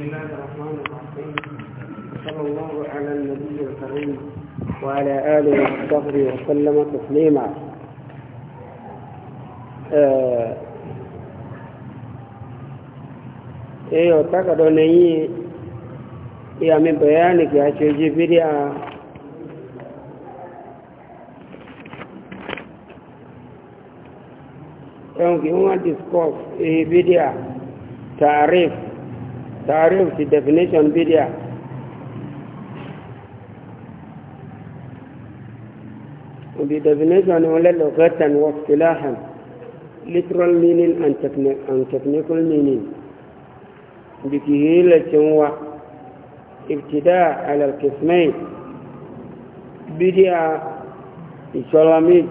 بسم الله الرحمن الرحيم صلى الله على النبي الكريم وعلى آله وصحبه وسلم تسليما eyo taka do ne yi ya mi bayani ga ce jibriya yan ki wa discuss e bidia tarif تعريف في definition بدعة بدefinition هو لغة واصطلاحا literal meaning and, techni and technical meaning بكهيلة هو ابتداء على القسمين بدعة إسلاميك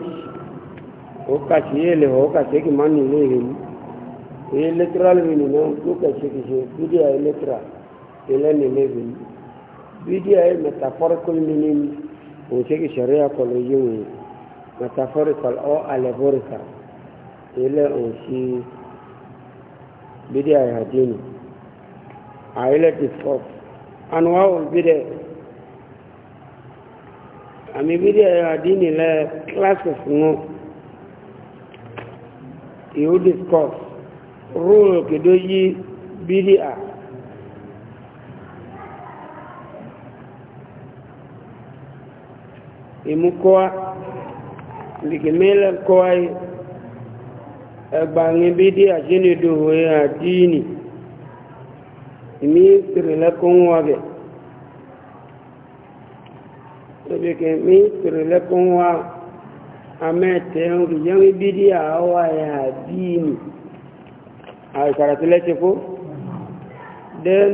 وكاشيلة وكاشيك كمان إليهم èyí lẹ́tírà mi nìyẹn ló kẹ̀síkẹsí bídíà yìí lẹ́tírà ìlẹ́ni lẹ́bi bídíà yìí mẹtafọ́rikọ́l mi ní òun ṣe kí sariya kọlọ̀ yìí wò mẹtafọ́rikọ́l ọ́ alẹ́bọ́rìkà ilẹ̀ òun ṣe bídíà yìí àdínì àìlẹ́ ti fọ́ ànúwà òun bídíà àmì bídíà yìí àdínì lẹ́ kílásì fún wọn ìhó rúrùn kìdó yí bídí à ìmúkọ́wá lìkìmílẹ̀ kọ́wá ẹgbàrin bídí àṣínìdò òun àdínì ìmí ìrìnlẹ́kùn wà bẹ̀ tóbi kì mí ìrìnlẹ́kùn wà amẹ́tẹ̀ẹ́ òun kìí jẹ́ bídí àwọn àdínì àìkàràtílẹ́tẹ̀kó then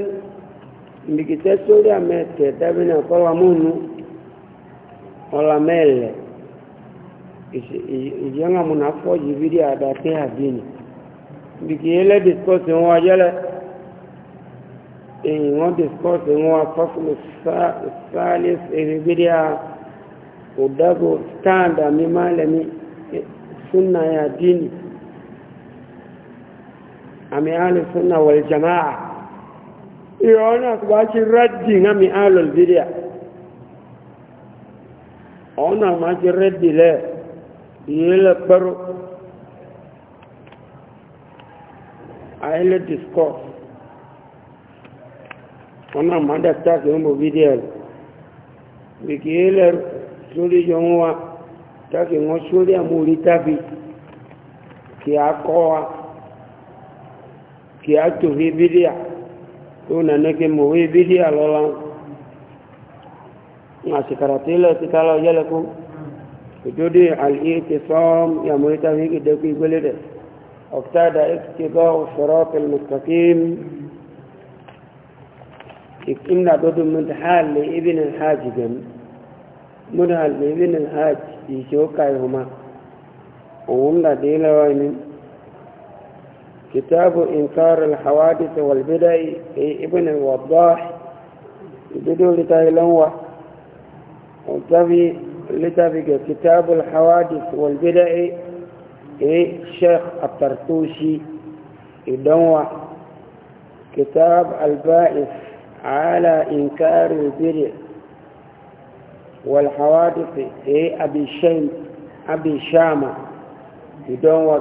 ìdìkìtẹ́ sórí àmẹ́tẹ̀ dábìnà kọ́lámúnú ọ̀làmẹ́ẹ̀lẹ̀ ìjẹ́ngàmúnà fọ́jì bídí àdàtẹ́ àbínì ìdìkìyẹ́lẹ́ discourse wọn ajẹ́lẹ̀ èyí wọ́n discourse wọn afọ́fúnù sáàlẹ̀ èrè bídí à òdàgbò stand àmì máa lẹ́mí e, súnà àdínì àmì alùsùnà wọ̀lì jamaà ìrọ̀nà àtùgbà ti rẹ́dì àmì alùbídíà Ona àmà ti rẹ́dì lẹ́ ìyẹ́lẹ̀ pẹ́rù àìlẹ̀ discourse ọ̀nà àmà dàtàkì ọmọ bídíà wìkì ìyẹ́lẹ̀ sórí yọ wọn suri tàkì wọn sórí àmúrí tàbí kì á kọ́ wa kì á tò hí bídíà tó nà ní kí mò hí bídíà lọ́la àṣìkàrà tí ilẹ̀ ti tálọ̀ yẹ́lẹ̀ kú ìjọdí àlìyé ti sọ́ọ́m yàmú ìta fi kì dẹ́kun ìgbélé dẹ̀ ọ̀ktáàdà ti bọ́ òṣèrọ́ pẹ̀lú mùsùlùmí ìkúnnà dọ́dọ̀ mùdàhálì ibìn alhaj gẹ̀m mùdàhálì ibìn alhaj ìṣe ó òun dàdé lọ́wọ́ yìí كتاب إنكار الحوادث والبدع ابن الوضاح بدو لتايلون لنوة لتبي كتاب الحوادث والبدع الشيخ الطرطوشي يدوى كتاب البائس على إنكار البدع والحوادث أبي شيم أبي شامة يدوى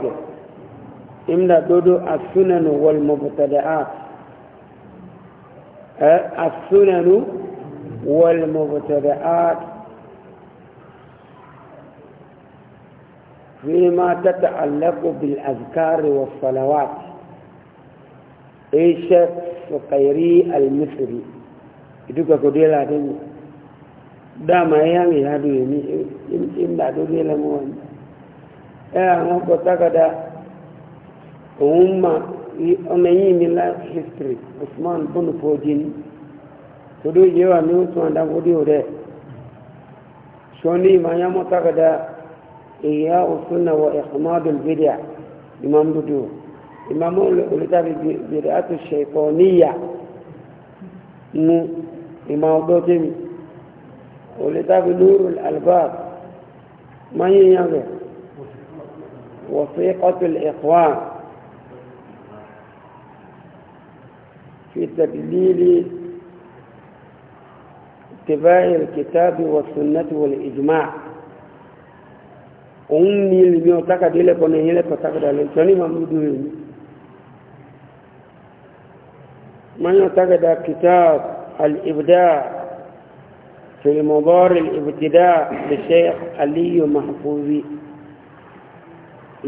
إملا دودو السنن والمبتدعات السنن والمبتدعات فيما تتعلق بالأذكار والصلوات إيش سقيري المصري إدوكا كوديلا دين داما يامي هادو يمي إملا دودو يلمون إيه أنا كنت òun ma ọmọ ẹ̀yìn mi life history usman bonifojì ni todo yẹ wa mi usman dagodi rẹ sọni ìmọ̀nyá mọ́tàkàdá ìyá òsùnà wọ ẹ̀kọ́mọ́dún bídíà imam dudu imam olùtàbí bèrè àti ṣèkọ́ níyà nu ìmọ̀ ọdọ́ tẹ́mi olùtàbí albab mayin yàgẹ̀ wọ́n fi في تدليل اتباع الكتاب والسنة والإجماع òun ni ilmi ọ̀táka dé lẹ́kọ̀ọ́ ní ilé pàtàkìdà lè tọ́ ní mamúdú rẹ̀ ní mọ́yàn ọ̀tákìdà kìtàb al'ibdá fìlmọ̀bọ́rì al'ibtidá lè ṣe aliyu mahfuzi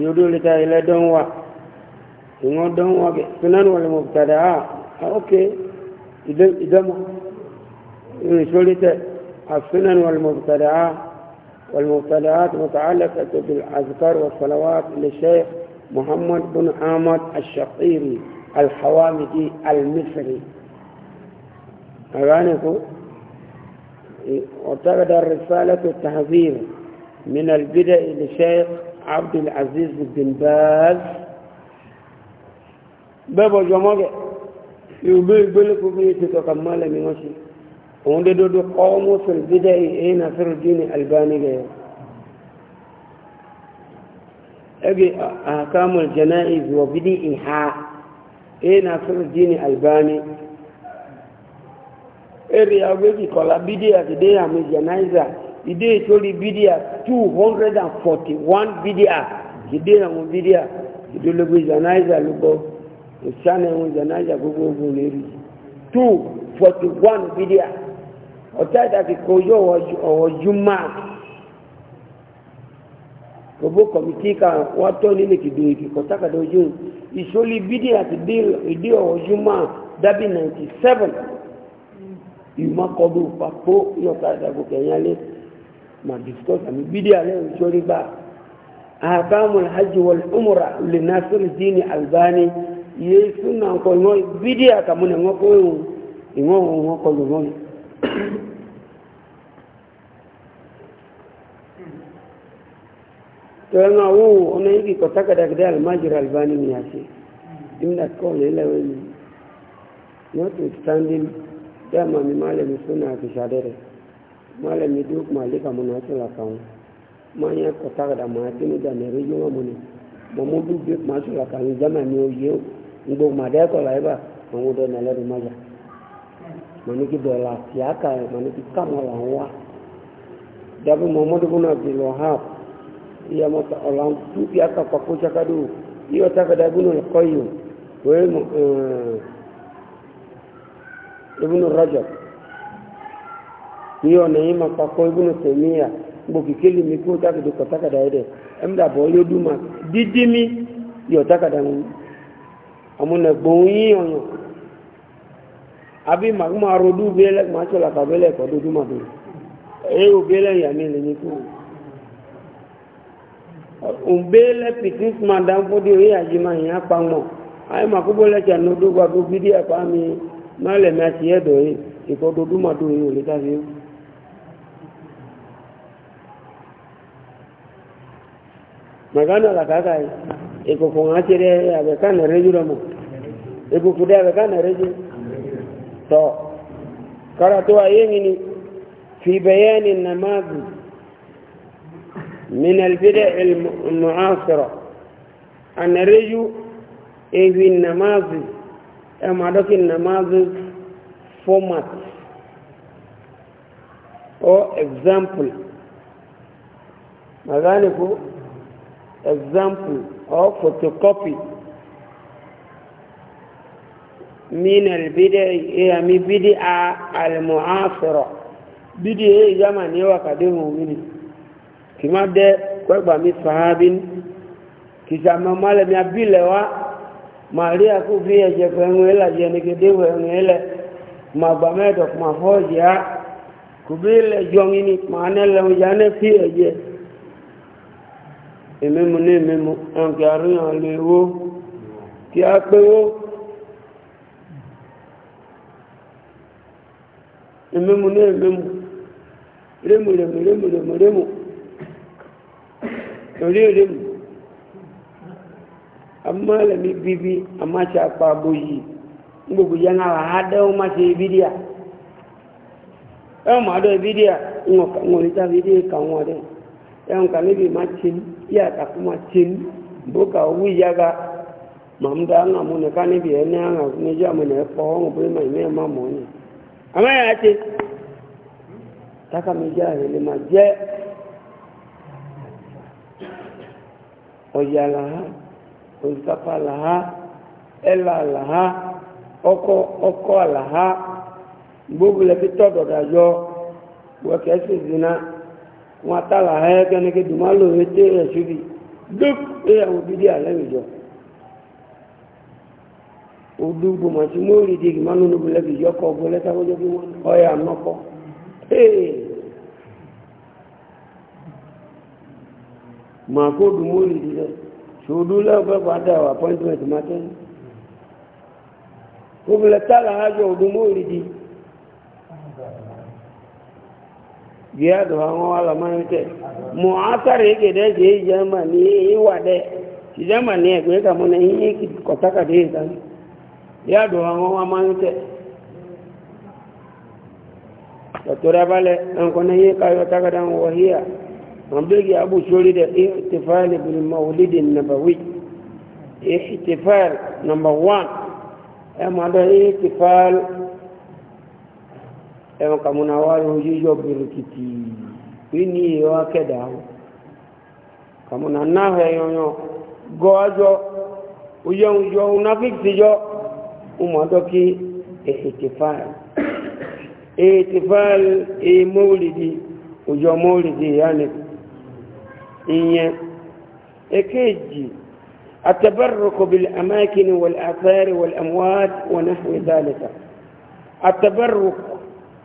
yóò dúró lítà ilẹ̀ dánwà ìwọ̀n dánwà sunan wal mubtada اوكي يدم شولت السنن والمبتدعات والمبتدعات متعلقة بالأذكار والصلوات للشيخ محمد بن حامد الشقيري الحوامدي المصري أغانيك وتغدى رسالة التحذير من البدء للشيخ عبد العزيز بن باز بابا جماجه ìgbé ìgbélépò bí ti tọ́ka mọ́lẹ̀ mi wọ́n ṣe òun dé dodo kọ́mú fìrìbídẹ́ èyí na fìrìdínì albani gẹ̀ ẹgbẹ́ àkàmù jẹ́nà ìzùwọ̀ bídí ìhà èyí na fìrìdínì albani èrè agbègbè kọ́lá bídí àti dé àmì jẹ́nàìzà ìdé ìtòrí bídí à 241 bídí à ìdé àwọn bídí à ìdólógbé jẹ́nàìzà ló gbọ́ ìsànà ẹ̀wọ̀n ìjànájà gbogbogbò lérí two forty one bídíà ọ̀tá ìdàkìkọ̀ ojú ọ̀wọ́jú mark gbogbo kọ̀mítì ká wọ́n tọ́ nílé kìdó ìkìkọ̀ tákàdá ojú ìṣòlì bídíà ti dé ọ̀wọ́jú mark dábì ninety seven ìmọ̀kọ́dún papò ní ọ̀tá ìdàkìkọ̀ ẹ̀yìn alẹ́ ma discuss àmì bídíà lẹ́yìn ìṣòrí bá àkàmù alhaji wal umra lè nasir dini albani ye suna ko ngo bidia kamu ne ngo ko ngo ngo ko ngo to nga wu ona yi ko takada gida al majir albani mi yasi imna ko ne lewe ni notwithstanding dama mi malami suna ki shadere malami duk malika mun hasila kan manya ko takada ma tinu da ne rijo mun mo mo duk duk ma sura kan jama ni o yeo gbogbo màdẹ́kọ̀ láyé bá àwọn ọdọ náà lẹ́nu májà màníkì dọ̀là àti àkà màníkì kàmọ́ là ń wá dàbí mọ́mọ́dúnkún náà ti lọ hà ìyá mọ́ta ọ̀là ń tú bí àkà pàkó sákàdù yíyọ tákàdá ibùnú lọ́kọ́ yìí wẹ́ẹ́ ibùnú rọ́jọ̀ yíyọ nàyìn mà pàkó ibùnú tèmíyà gbòkì kéli mi kó tákàdù kọ̀ tákàdá yìí dẹ̀ ẹ̀mdàbọ̀ yóò dùn mà amuna gbɔn yi ɔnyɔ abi arodu bele ma la ka bele ma do eye o bele yanni le nyi ko o bele dan fo de ye adi akpa ŋmɔ ayi ma kobo lɛ tsa no do gba bi akpa mi ma le mi ati yɛ do ye ikɔ dodo do ye o le ta fi o. la ekoko ŋatsire abeka na reju rẹ mo ekoko de abeka na reju tọ karatu aye ŋini fi bayani namazu min albida almuasira ana reju ehi namazu ẹma e dọki namazu format or example magani ko example أو photocopy من البدع إلى من بدع المعاصرة بدع هي زمن وقدم مني كما ده كوبا من صحابين كيسا ما مال من بيلوا ما ليا كوفيا جفنوا إلا جنكدوا إلا ما بمدك ما هوجيا كبير جوني ما نلهم جانه فيه èmẹ́mu ní èmẹ́mu ẹnkẹ́ àríyàn lè wó kí á pé wó èmẹ́mu ní èmẹ́mu rémù rémù rémù rémù rémù orí rémù amálẹ̀mí bíbí amáṣe apá aboyì gbogbo yẹn náà àádẹ́wọ́n máṣe bídíà ẹ̀ mọ̀ àdó bídíà ń wọ̀n kàwọn yan ka nibi ma cin iya ta kuma cin buka wi yaga mam da nga mu ne ka nibi ene nga ne ja mu ne ko ho bu ma ne ma mo ni ama ya ce ta ka mi ja le ma je o ya la ha o ka pa la ha ela la ha oko oko la ha gbogbo le fi tọdọ da yọ wọ kẹsì zina wọn tààlà ayẹ́kẹ́nẹ́kẹ́ dùmálò ètè rẹ̀ síbi dúk ẹ̀yàwó bídí àlẹ́mìjọ odú gbọmọ̀tí mú rìdí ìgbìmánú níbi lẹ́bi yọkọ̀ ọgbọ́n lẹ́tàkọ́jọ́ bí wọ́n ọyà nọ́kọ́ máa kó dùn mú rìdí rẹ̀ ṣòdú lẹ́ọ̀fẹ́ padà appointment biya da hangon alamani ke mu akare yake da dị. yi jamani yi wade ki jamani ya kweka na yi yake kotaka da yi zan ya da hangon alamani ke da tura bale an kuna yi kayo takadan wahiya mambegi abu da ihtifal maulidin nabawi ihtifal number 1 ma da ihtifal ẹ̀rọ kàmúnà wà lóhun yíyọ bìrìkìtì pé ní ìyọ́ akẹ́dà ahùn kàmúnà náà ẹ̀yọ̀yọ̀ gọ́ ajọ́ oyẹun yọ unafíìsì yọ umadọ́kí ètìfáàlì ètìfáàlì èmóòlìdì e òjò móòlìdì ìyáni ìyẹn èkejì التبرك بالأماكن والآثار والأموات ونحو ذلك التبرك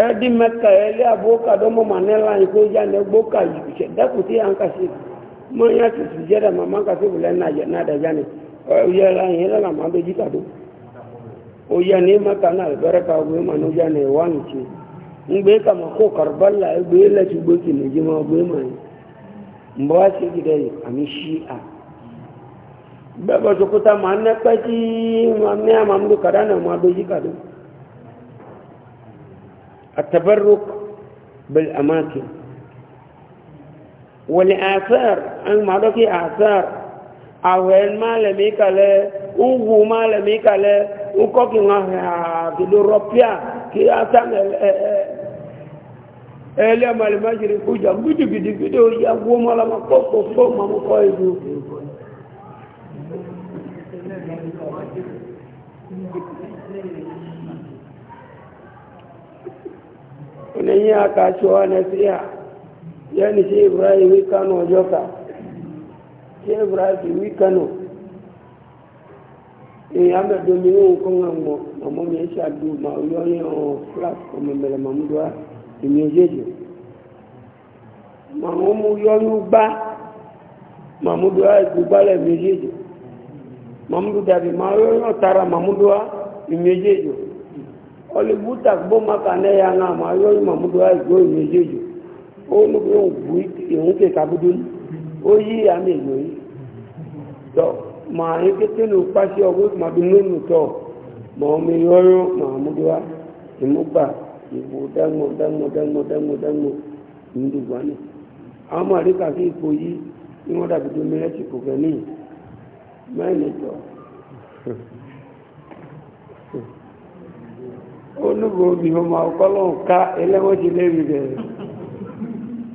ɛdi mɛka ɛli aboka dɔ mɔ manɛla yi k'o ya n'ɛgbɔ ka yi sɛ dakuti an kasi mɛ n y'a tutu jɛ dɛ mɛ man kasi wulɛ na yɛ na da yanni ɔ yɛlɛ yɛlɛ la, la maa bɛ ji ka do o ya ni mɛka na bɛrɛ ka o bɛ ma n'o ya n'ɛ wa ni tse n gbɛ kama ko karibali la egbe lɛ ti gbɛ kele ji ma o bɛ ma yi n bɔ ase ti dɛ ami si a bɛɛ bɛ sokuta maa n'ɛkpɛ tii maa mi a maa do ka da n'ɛ maa bɛ ji ka do. التبرك بالأماكن ولآثار أن معلوك آثار أول ما لميك له أنه ما لميك له أنكوك نغاه في الأوروبيا كي أسان ele mali majiri kuja gudu بدي gudu ya goma لما makoko soma ما hizo onenye aka chụọ na-esi ha ya ni ṣe ibrahim kano ọjọ́ ka ṣe ibrahim kano èèyàn mẹ́jọ mi ó ń kọ́ wọn mọ̀ ọmọ mi ṣàdù mà ó yọ ní ọ̀hún flat ọmọ mẹ́rẹ̀ màmúdùá èmi ojéjì màwọn mú yọyún gbá màmúdùá ìgbúgbálẹ̀ èmi ojéjì màmúdù dàbí màá yọyún ọ̀tara màmúdùá èmi ọlẹ́ búta maka nne ya náà máa yọ ma mú dúró àìgbó ìwé yéjò ó ní pé òun bu ìhun ma búdú ní ó yí àmì èlò yìí ma màá yín kété ní pàṣẹ ọgbọ́n màá bí lónìí tọ́ onugbo obi ma ọkọlọ ka elewọji lebi gẹrẹ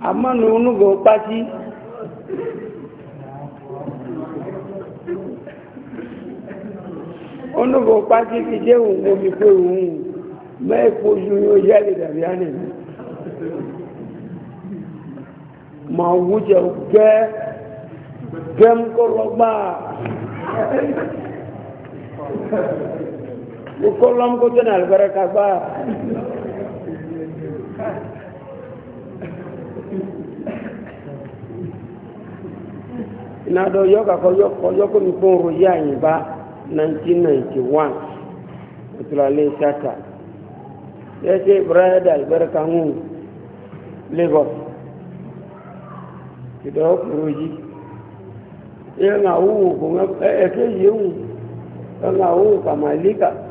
ama onugbo onugo kpati onugo kpati ti jẹ omi pé òun mẹ́ẹ̀kọ́ yóò dàbí ma wújẹ gẹ́ gẹ́m kọ́ kọlọm kó tó ní alùpẹrẹ kagbá ìnàdọ yọkàkọ yọkọ yọkọ mi fún ro yá àyìnbá 1991 ninety one ìtúlálẹ ṣáta yẹsẹ bírèdì alùpẹrẹ kanú lagos ìdọ̀wọ́ kúrò yìí ìyẹn ń àwòwò kò ń ẹ̀ ẹ̀ kéyìí ń ń àwòwò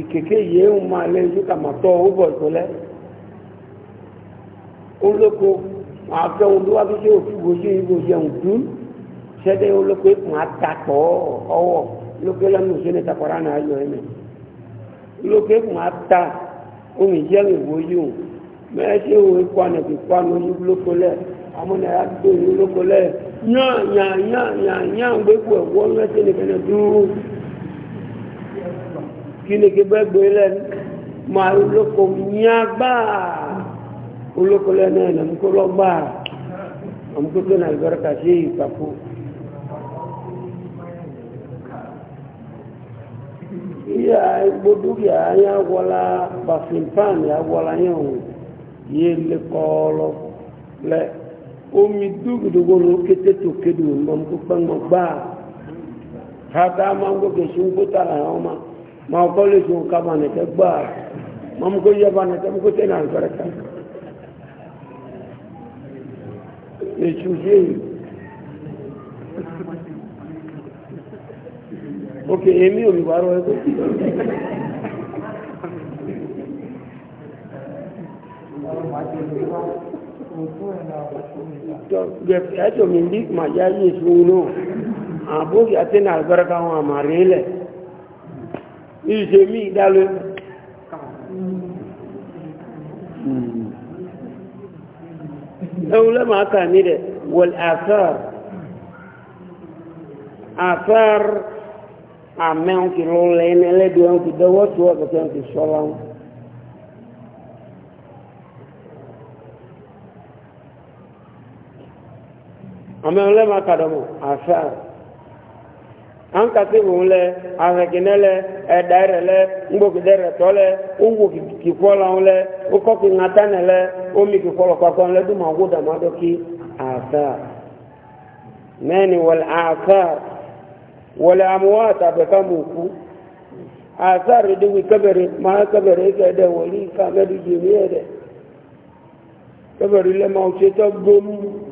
ìkèké yìí ń máa lé ní kàmàtọ́ ọ̀bọ̀ ìtọ́lẹ́ olóko àfẹ́hùn ló wá fíṣe òfin gbòṣe ìgbòṣe ọ̀dún ṣẹ́dẹ̀ olóko ìpùn àtàkọ́ ọwọ́ olóko lẹ́nu òṣèlú ìtàkọ́rá náà yọ ẹ̀mẹ́ olóko ìpùn àtà omi jẹ́rìn ìwòye òun mẹ́ẹ́ṣẹ́ òun ikú ànàkì kú àná ojú olóko lẹ̀ àmúnà àdó olóko lẹ̀ yán yán yán yán gbẹ́kù ẹ̀wọ́ mẹ́ṣẹ́ nìkan dúró kini ke bɛ gbe lɛ ma oloko nya gbaa oloko lɛ nɛ namuko lɔ gbaa namuko do na albarka se ikpako iya gbodugi anya wɔla bafinpan ya wɔla yɛ o ye le kɔɔlɔ lɛ omi dugi dogo lo kete to kedu namuko kpɛŋmɔ gbaa hata mango kesu nkota la yɛ o ma ma kole su ka ma ne ke ba ma mu ko ye ba ne ke mu ko te na baraka ne chuje ok emi o mi baro e ko ẹjọ́ mi ní màjá yìí sùn náà àbókì àti nàìjíríà wọn àmàrí lẹ̀ ìṣe mí ìdálé hmm. ẹwùlẹ́ máa kà ní rẹ̀ wọ̀l àfẹ́r àfẹ́r àmẹ́hùn ti lọ́lẹ̀ ẹni ẹlẹ́dùn ẹ̀hùn ti dẹwọ́ tó ọ̀kẹ́kẹ́ ti sọ́lá wọn àmẹ́hùn lẹ́ máa dọ̀mọ̀ àfẹ́r ankasi wòun lɛ ahɛkinɛ lɛ ɛda yɛrɛ lɛ ŋgbokidɛ yɛrɛ tɔ lɛ owó kìkɔlɔ lɛ okɔki ŋatanɛ lɛ omi kìkɔlɔ kpakpɔ lɛ duma owó dama dɔ ki asa mɛni wɔlɛ asa wɔlɛ amuwa tabɛ kama wɔli dzi mi yɛ dɛ lɛ ma o tse tɔ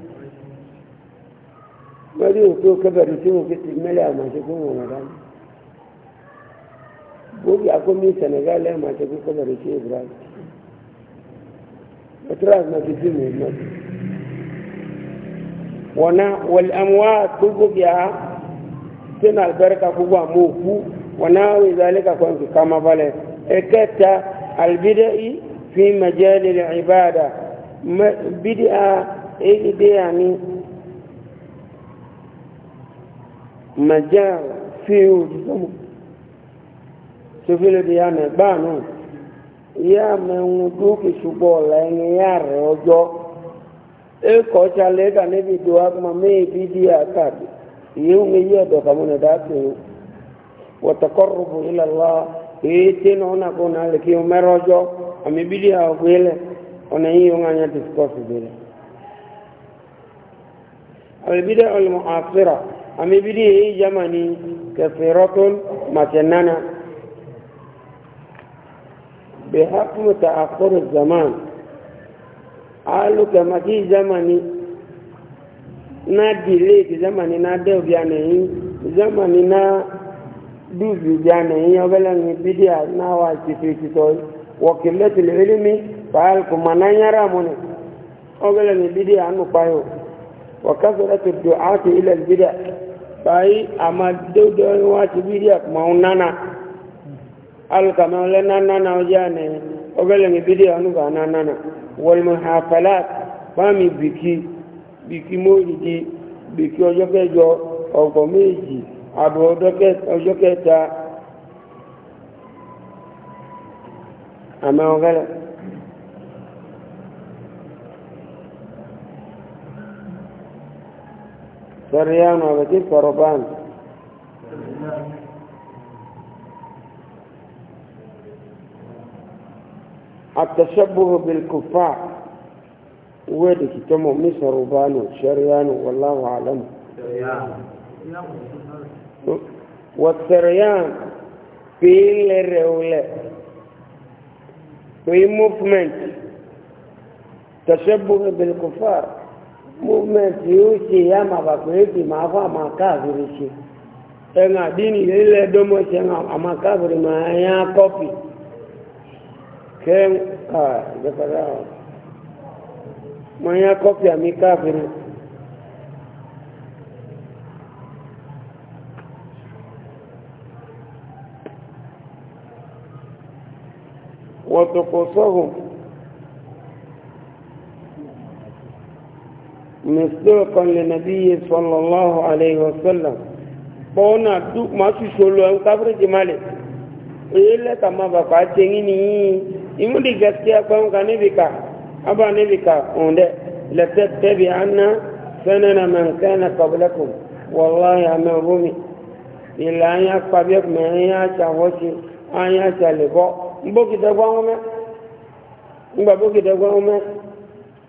wọ́n rí òkú kẹbẹ̀rù kiti mo fi ti mẹ́lẹ̀ àmàṣekú wọn wọ̀n senegal ẹ̀ àmàṣekú kẹbẹ̀rù tí ibrahim petras na na wọ́n amúwá gbogbo bí a tí na alberka gbogbo àmọ́ òkú wọ́n na wọ́n kama vale eketa albidai fi majali lè ibada bidia a èyí màjá fi òjì sọmọ sofele di ya mẹ gbaa nù ya mẹ ń dúkì ṣùgbọ́ ọ̀la ẹni ya rẹ̀ ọjọ́ ekọ̀ ṣalẹ̀ kà níbi ìdò agbọ̀n mẹ́ẹ̀ bí di àkàdé ìyẹ́ ń yí ẹ̀dọ̀ kàmúnà dáàtì o wọ́tàkọ́rù bò ilẹ̀ lọ èyí tí nà ọ́nà kó nà lè kí o mẹ́rọ ọjọ́ àmì bí di àwọn ilẹ̀ ọ̀nà yìí yóò ń anya discourse bi rẹ̀ àmì bí di ọlọmọ àfẹ́rà ame bi de ye yamani kɛfɛrɔtɔn matɛnana bɛ hakumu ta akɔrɔ zaman alu kɛmati zamani na dile ti zamani na dɛw bi anayi zamani na dubi bi anayi ɔbɛlɛ ni bi de a na wa titiri titɔ wɔkilɛ tili elimi paal kuma na nyara mu ne ɔbɛlɛ ni bi a nu kpa yi o wa kasɔrɔ ti a bai ama dodo wa ti bidia maunana al kama le nana na ojane ogele ni bidia anu ga nana wal muhafalat bami biki biki moji biki ojo kejo ogo meji abo ojo ke ojo keta ama ogele سريان وبكيف كربان التشبه بالكفار ويدك تم مصر وبانو شريان والله أعلم والسريان في الرولة في موفمنت تشبه بالكفار movement yóò ya ma bàbá èkì máa fún àmà káàkiri ṣe ẹ̀rùn àdínì nílẹ̀ dọ́mọ̀ ṣe àmà káàkiri máa yá kọ́pì kẹ́m k nabi salalọhụ aleghị selam kpọọ na tumtelọkpabụrụ ma mle oye leta aa eiyi ihụdi ga a gba ga bi ka abụ bi ka de letate aeea ke a pa ụlahịa leanya kpahe ụi ayaa mgba gbode a